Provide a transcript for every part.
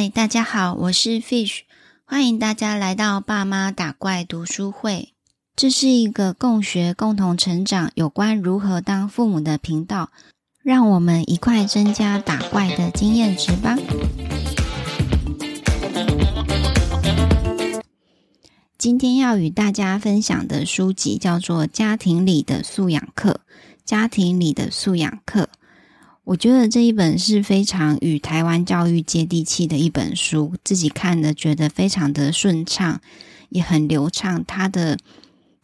嗨，大家好，我是 Fish，歡迎大家來到爸媽打怪讀書會。這是一個共學、共同成長有關如何當父母的頻道，讓我們一塊增加打怪的經驗值吧。今天要與大家分享的書籍叫做《家庭裡的素養課》，《家庭裡的素養課》。我覺得這一本是非常與台灣教育接地氣的一本書，自己看的覺得非常的順暢，也很流暢。他的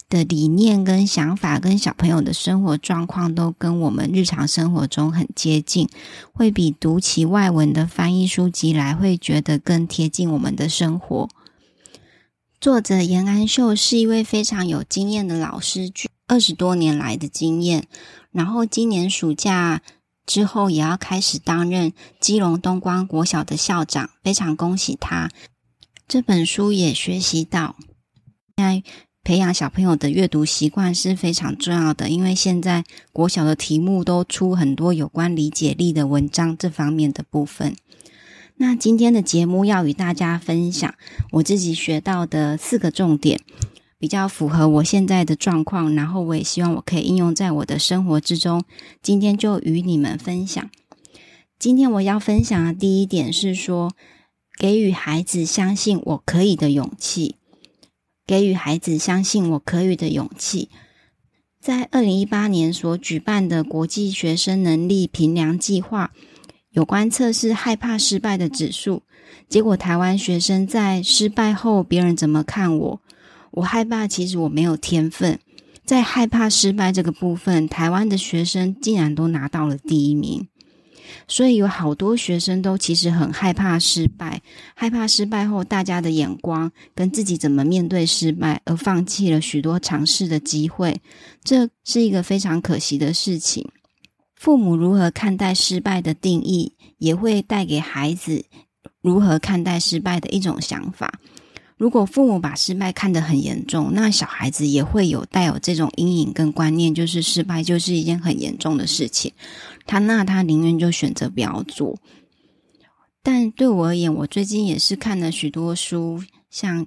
的理念跟想法跟小朋友的生活狀況都跟我們日常生活中很接近，會比讀其外文的翻譯書籍來會覺得更貼近我們的生活。作者顏安秀是一位非常有經驗的老師，二十多年來的經驗，然後今年暑假。之後也要開始擔任基隆東光國小的校長，非常恭喜他。這本書也學習到，現在培養小朋友的閱讀習慣是非常重要的，因為現在國小的題目都出很多有關理解力的文章，這方面的部分。那今天的節目要與大家分享我自己學到的四個重點。比較符合我現在的狀況，然後我也希望我可以應用在我的生活之中。今天就與你們分享。今天我要分享的第一點是說，給予孩子相信我可以的勇氣。給予孩子相信我可以的勇氣。在二零一八年所舉辦的國際學生能力評量計劃，有關測試害怕失敗的指數，結果台灣學生在失敗後別人怎麼看我。我害怕，其實我沒有天分。在害怕失敗這個部分，台灣的學生竟然都拿到了第一名。所以有好多學生都其實很害怕失敗，害怕失敗後大家的眼光跟自己怎麼面對失敗，而放棄了許多嘗試的機會，這是一個非常可惜的事情。父母如何看待失敗的定義，也會帶給孩子如何看待失敗的一種想法。如果父母把失敗看得很嚴重，那小孩子也會有帶有這種陰影跟觀念，就是失敗就是一件很嚴重的事情。他那他寧願就選擇不要做。但對我而言，我最近也是看了許多書，像《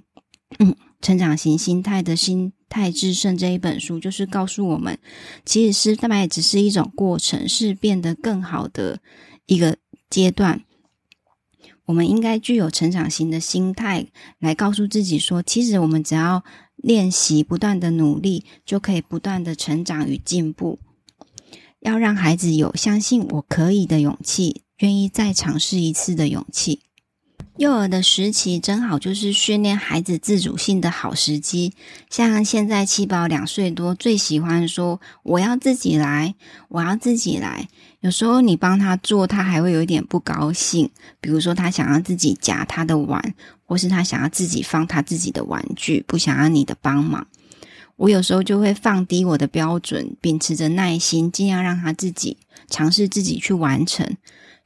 嗯成長型心態的心態致勝》這一本書，就是告訴我們，其實是失敗也只是一種過程，是變得更好的一個階段。我們應該具有成長型的心態，來告訴自己說，其實我們只要練習，不斷的努力，就可以不斷的成長與進步。要讓孩子有相信我可以的勇氣，願意再嘗試一次的勇氣。幼兒的時期正好就是訓練孩子自主性的好時機。像現在七寶兩歲多，最喜歡說“我要自己來，我要自己來”。有時候你幫他做，他還會有一點不高興。比如說，他想要自己夾他的碗，或是他想要自己放他自己的玩具，不想要你的幫忙。我有時候就會放低我的標準，秉持着耐心，盡量讓他自己嘗試自己去完成。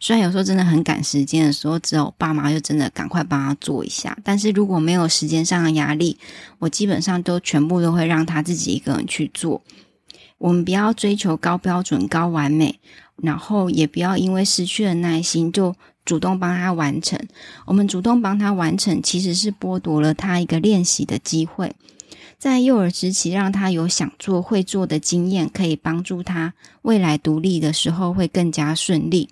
雖然有時候真的很趕時間的時候，只有爸媽就真的趕快幫他做一下。但是如果沒有時間上的壓力，我基本上都全部都會讓他自己一個人去做。我們不要追求高標準、高完美，然後也不要因為失去了耐心就主動幫他完成。我們主動幫他完成，其實是剝奪了他一個練習的機會。在幼兒時期，讓他有想做、會做的經驗，可以幫助他未來獨立的時候會更加順利。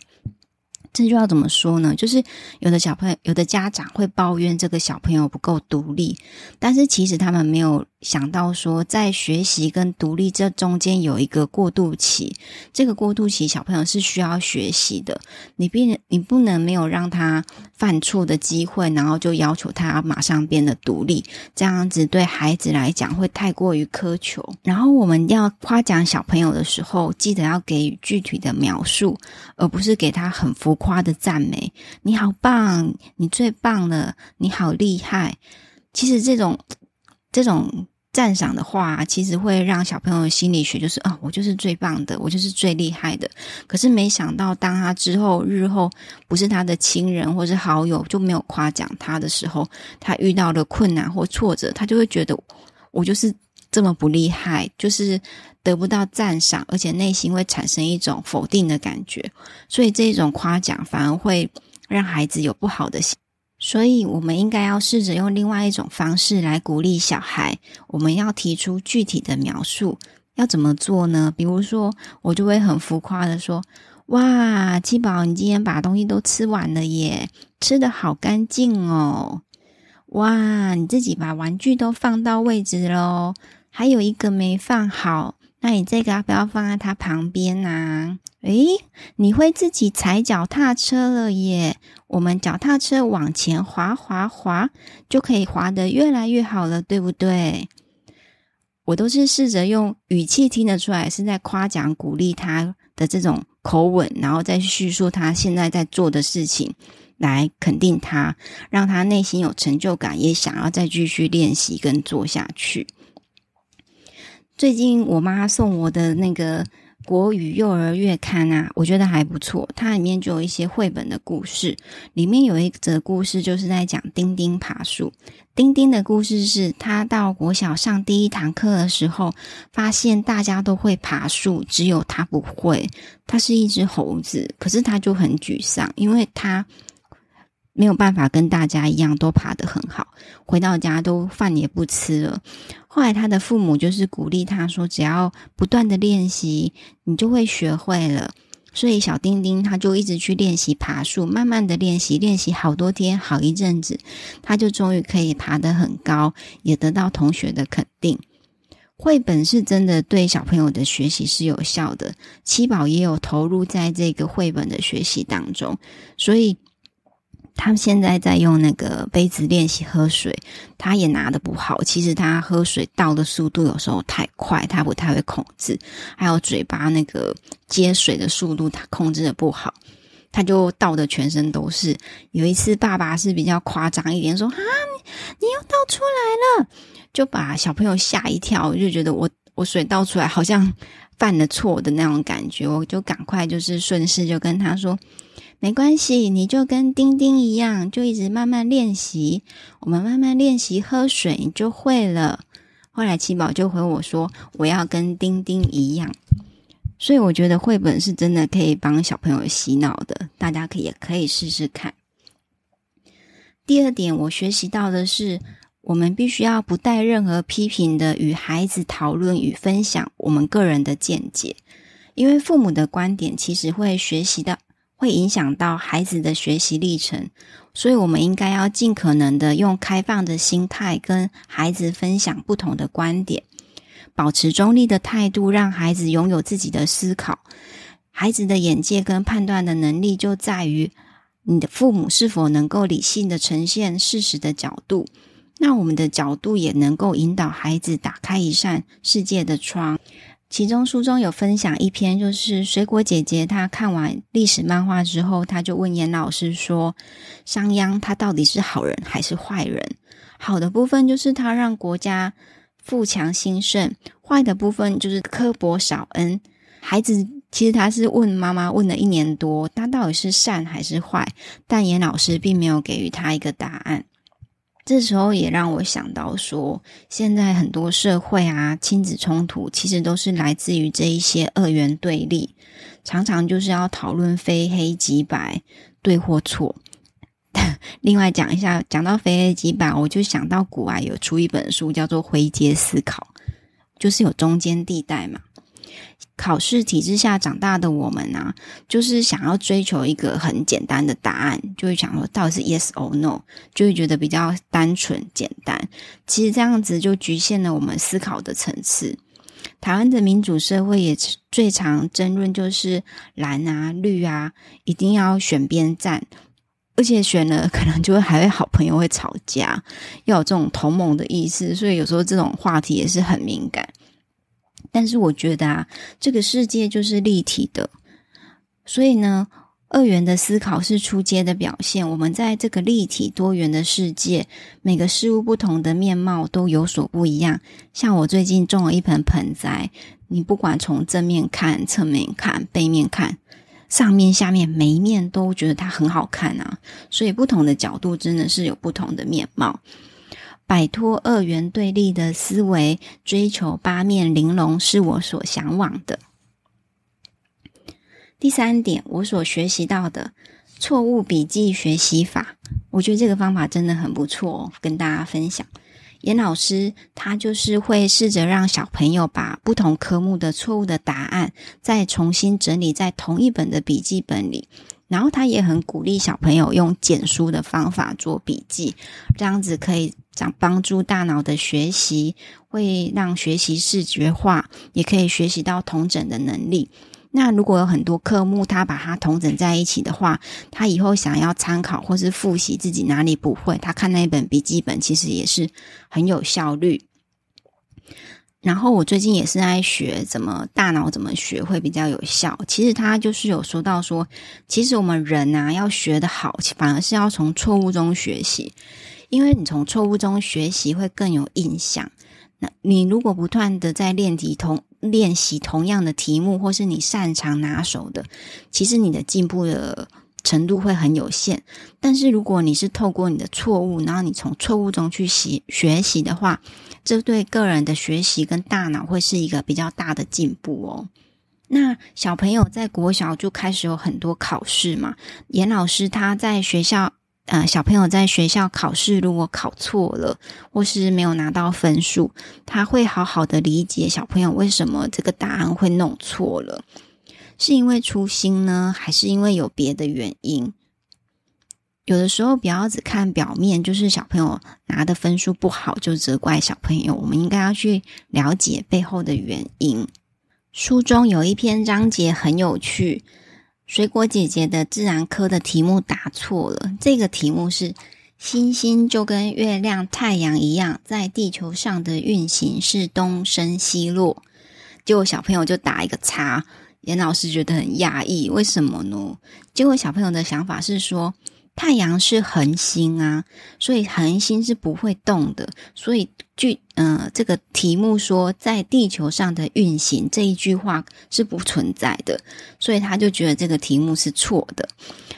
這就要怎麼說呢？就是有的小朋友，有的家長會抱怨這個小朋友不夠獨立，但是其實他們沒有。想到說，在學習跟獨立這中間有一個過渡期，這個過渡期小朋友是需要學習的。你不能，你不能沒有讓他犯錯的機會，然後就要求他要馬上變得獨立。這樣子對孩子來講會太過於苛求。然後我們要誇獎小朋友的時候，記得要給予具體的描述，而不是給他很浮誇的讚美。你好棒，你最棒了，你好厲害。其實這種。這種讚賞的話，其實會讓小朋友心理學就是，啊，我就是最棒的，我就是最厲害的。可是沒想到，當他之後日後不是他的親人或是好友就沒有誇獎他的時候，他遇到了困難或挫折，他就會覺得我就是這麼不厲害，就是得不到讚賞，而且內心會產生一種否定的感覺。所以這種誇獎反而會讓孩子有不好的心。所以，我們應該要試着用另外一種方式來鼓勵小孩。我們要提出具體的描述，要怎麼做呢？比如說，我就會很浮誇的說：“哇，七寶，你今天把東西都吃完了耶，吃得好乾淨哦！哇，你自己把玩具都放到位置嘍，還有一個沒放好，那你這個要不要放在他旁邊啊？”哎，你會自己踩腳踏車了耶！我們腳踏車往前滑滑滑，就可以滑得越來越好了，對不對？我都是試着用語氣聽得出來是在誇獎、鼓勵他的這種口吻，然後再敘述他現在在做的事情，來肯定他，讓他內心有成就感，也想要再繼續練習跟做下去。最近我媽送我的那個。國語幼兒月刊啊，我覺得還不錯。它裡面就有一些繪本的故事，裡面有一則故事，就是在講丁丁爬樹。丁丁的故事是他到國小上第一堂課的時候，發現大家都會爬樹，只有他不會。他是一隻猴子，可是他就很沮喪，因為他。沒有辦法跟大家一樣都爬得很好，回到家都飯也不吃了。後來他的父母就是鼓勵他說：“只要不斷的練習，你就會學會了。”所以小丁丁他就一直去練習爬樹，慢慢的練習，練習好多天，好一陣子，他就終於可以爬得很高，也得到同學的肯定。繪本是真的對小朋友的學習是有效的，七寶也有投入在這個繪本的學習當中，所以。他現在在用那個杯子練習喝水，他也拿得不好。其實他喝水倒的速度有時候太快，他不太會控制，還有嘴巴那個接水的速度，他控制得不好，他就倒得全身都是。有一次，爸爸是比較誇張一點，說：“哈、啊，你又倒出來了！”就把小朋友嚇一跳，就覺得我我水倒出來好像犯了錯的那種感覺，我就趕快就是順勢就跟他說。沒關係，你就跟丁丁一樣，就一直慢慢練習。我們慢慢練習喝水，你就會了。後來七寶就回我說：“我要跟丁丁一樣。”所以我覺得繪本是真的可以幫小朋友洗腦的，大家也可以可以試試看。第二點，我學習到的是，我們必須要不帶任何批評的與孩子討論與分享我們個人的見解，因為父母的觀點其實會學習的。會影響到孩子的學習歷程，所以我們應該要盡可能的用開放的心態跟孩子分享不同的觀點，保持中立的態度，讓孩子擁有自己的思考。孩子的眼界跟判斷的能力，就在於你的父母是否能夠理性的呈現事實的角度。那我們的角度也能夠引導孩子打開一扇世界的窗。其中書中有分享一篇，就是水果姐姐她看完歷史漫畫之後，她就問嚴老師說：“商鞅，他到底是好人還是壞人？好的部分就是他讓國家富強興盛，壞的部分就是刻薄少恩。”孩子其實他是問媽媽問了一年多，他到底是善還是壞？但嚴老師並沒有給予他一個答案。這時候也讓我想到說，說現在很多社會啊，親子衝突其實都是來自於這一些二元對立，常常就是要討論非黑即白，對或錯。 另外講一下，講到非黑即白，我就想到古愛有出一本書叫做《灰階思考》，就是有中間地帶嘛。考試體制下長大的我們啊，就是想要追求一個很簡單的答案，就會想說到底是 yes or no，就會覺得比較單純簡單。其實這樣子就局限了我們思考的層次。台灣的民主社會也最常爭論就是藍啊綠啊，一定要選邊站，而且選了可能就會還會好朋友會吵架，要有這種同盟的意思。所以有時候這種話題也是很敏感。但是我覺得啊，這個世界就是立體的，所以呢，二元的思考是出街的表現。我們在這個立體多元的世界，每個事物不同的面貌都有所不一樣。像我最近種了一盆盆栽，你不管從正面看、側面看、背面看、上面、下面，每一面都覺得它很好看啊。所以不同的角度真的是有不同的面貌。擺脫二元對立的思維，追求八面玲瓏，是我所向往的。第三點，我所學習到的錯誤筆記學習法，我覺得這個方法真的很不錯哦，跟大家分享。顏老師他就是會試着讓小朋友把不同科目的錯誤的答案再重新整理在同一本的筆記本裡，然後他也很鼓勵小朋友用簡書的方法做筆記，這樣子可以。想幫助大腦的學習，會讓學習視覺化，也可以學習到統整的能力。那如果有很多科目，他把它統整在一起的話，他以後想要參考或是複習自己哪裡不會，他看那一本筆記本其實也是很有效率。然後我最近也是在學怎麼大腦怎麼學會比較有效。其實他就是有說到說，其實我們人啊要學得好，反而是要從錯誤中學習。因為你從錯誤中學習會更有印象。那你如果不斷的在練習同練習同樣的題目，或是你擅長拿手的，其實你的進步的程度會很有限。但是如果你是透過你的錯誤，然後你從錯誤中去學學習的話，這對個人的學習跟大腦會是一個比較大的進步哦。那小朋友在國小就開始有很多考試嘛，顏老師他在學校。呃，小朋友在學校考試如果考錯了，或是沒有拿到分數，他會好好的理解小朋友為什麼這個答案會弄錯了，是因為粗心呢，還是因為有別的原因？有的時候不要只看表面，就是小朋友拿的分數不好就責怪小朋友，我們應該要去了解背後的原因。書中有一篇章節很有趣。水果姐姐的自然科的題目答錯了，這個題目是星星就跟月亮、太陽一樣，在地球上的運行是東升西落，結果小朋友就打一個叉，顏老師覺得很訝異，為什麼呢？結果小朋友的想法是說。太陽是恆星啊，所以恆星是不會動的。所以據嗯、呃、這個題目說，在地球上的運行這一句話是不存在的，所以他就覺得這個題目是錯的。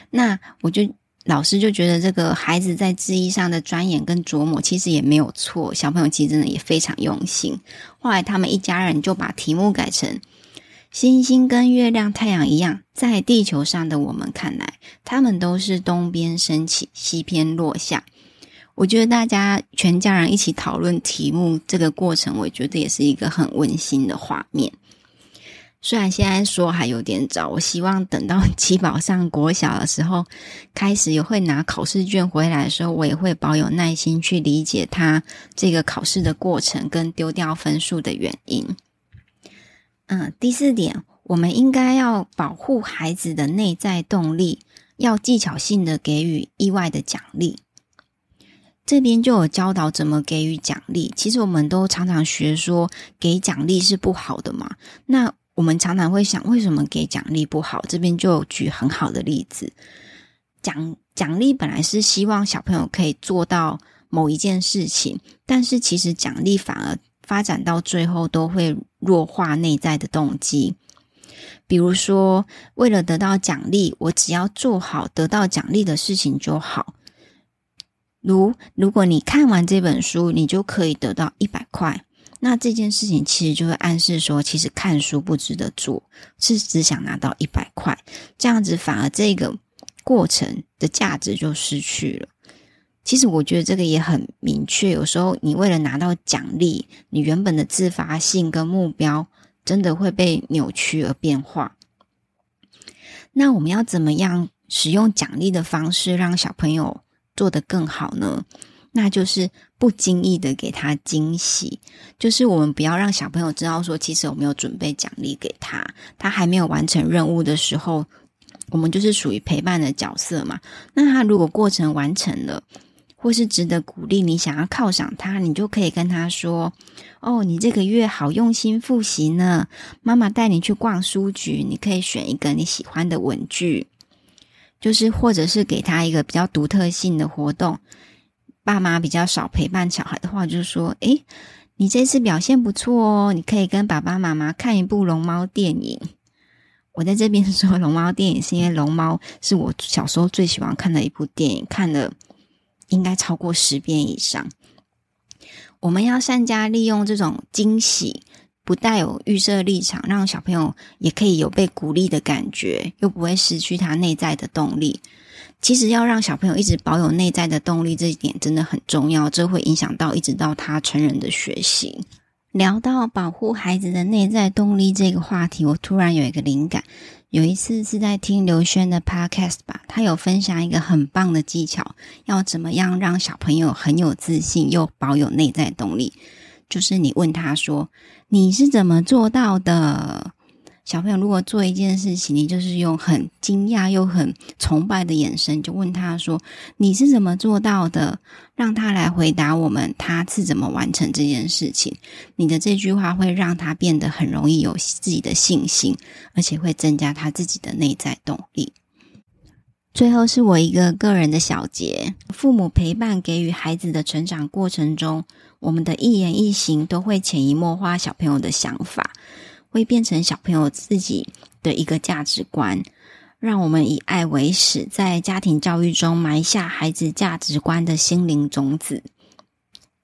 那我就老師就覺得這個孩子在質疑上的鑽研跟琢磨其實也沒有錯，小朋友其實真的也非常用心。後來他們一家人就把題目改成。星星跟月亮、太陽一樣，在地球上的我們看來，它們都是東邊升起，西邊落下。我覺得大家全家人一起討論題目這個過程，我覺得也是一個很溫馨的畫面。雖然現在說還有點早，我希望等到七寶上國小的時候，開始也會拿考試卷回來的時候，我也會保有耐心去理解他這個考試的過程跟丟掉分數的原因。嗯，第四點，我們應該要保護孩子的內在動力，要技巧性的給予意外的獎勵。這邊就有教導怎麼給予獎勵。其實我們都常常學說，給獎勵是不好的嘛？那我們常常會想，為什麼給獎勵不好？這邊就舉很好的例子，獎獎勵本來是希望小朋友可以做到某一件事情，但是其實獎勵反而發展到最後都會，弱化內在的動機，比如說，為了得到獎勵，我只要做好得到獎勵的事情就好。如如果你看完這本書，你就可以得到一百塊，那這件事情其實就是暗示說，其實看書不值得做，是只想拿到一百塊，這樣子反而這個過程的價值就失去了。其實我覺得這個也很明確。有時候你為了拿到獎勵，你原本的自發性跟目標真的會被扭曲而變化。那我們要怎麼樣使用獎勵的方式讓小朋友做得更好呢？那就是不經意的給他驚喜，就是我們不要讓小朋友知道說，其實我沒有準備獎勵給他，他還沒有完成任務的時候，我們就是屬於陪伴的角色嘛。那他如果過程完成了，或是值得鼓勵，你想要犒賞他，你就可以跟他說：“哦，你這個月好用心復習呢，媽媽帶你去逛書局，你可以選一個你喜歡的文具。”就是或者是給他一個比較獨特性的活動。爸媽比較少陪伴小孩的話，就是說：“誒，你這次表現不錯哦，你可以跟爸爸媽媽看一部龍貓電影。”我在這邊說龍貓電影，是因為龍貓是我小時候最喜歡看的一部電影，看了。應該超過十遍以上。我們要善加利用這種驚喜，不帶有預設立場，讓小朋友也可以有被鼓勵的感覺，又不會失去他內在的動力。其實要讓小朋友一直保有內在的動力，這一點真的很重要，這會影響到一直到他成人的學習。聊到保護孩子的內在動力這個話題，我突然有一個靈感。有一次是在聽劉軒的 podcast 吧，他有分享一個很棒的技巧，要怎麼樣讓小朋友很有自信又保有內在動力，就是你問他說：“你是怎麼做到的？”小朋友，如果做一件事情，你就是用很驚訝又很崇拜的眼神，就問他說：“你是怎麼做到的？”讓他來回答我們，他是怎麼完成這件事情。你的這句話會讓他變得很容易有自己的信心，而且會增加他自己的內在動力。最後是我一個個人的小結：父母陪伴給予孩子的成長過程中，我們的一言一行都會潛移默化小朋友的想法。會變成小朋友自己的一個價值觀，讓我們以愛為始，在家庭教育中埋下孩子價值觀的心靈種子。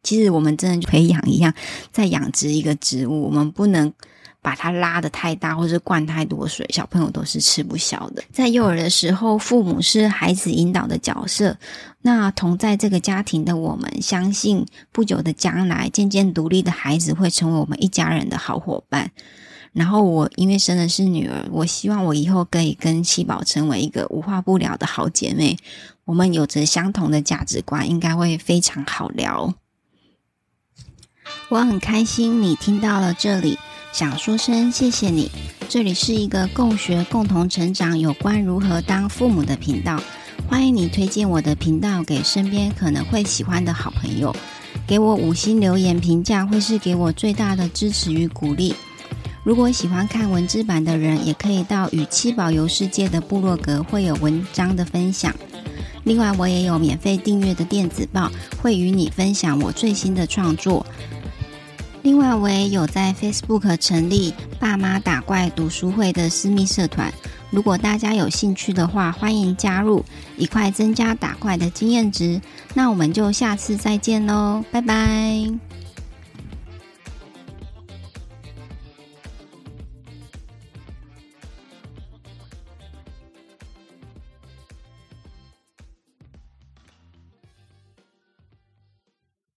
其實我們真的就可以養一樣，在養殖一個植物，我們不能把它拉得太大，或是灌太多水，小朋友都是吃不消的。在幼兒的時候，父母是孩子引導的角色，那同在這個家庭的我們，相信不久的將來，漸漸獨立的孩子會成為我們一家人的好夥伴。然後我因為生的是女兒，我希望我以後可以跟七寶成為一個無話不聊的好姐妹。我們有着相同的價值觀，應該會非常好聊。我很開心你聽到了這裡，想說聲謝謝你。這裡是一個共學、共同成長有關如何當父母的頻道，歡迎你推薦我的頻道給身邊可能會喜歡的好朋友。給我五星留言評價，會是給我最大的支持與鼓勵。如果喜歡看文字版的人，也可以到與七寶遊世界的部落格，會有文章的分享。另外，我也有免費訂閱的電子報，會與你分享我最新的創作。另外，我也有在 Facebook 成立爸媽打怪讀書會的私密社團，如果大家有興趣的話，歡迎加入，一塊增加打怪的經驗值。那我們就下次再見嘍，拜拜。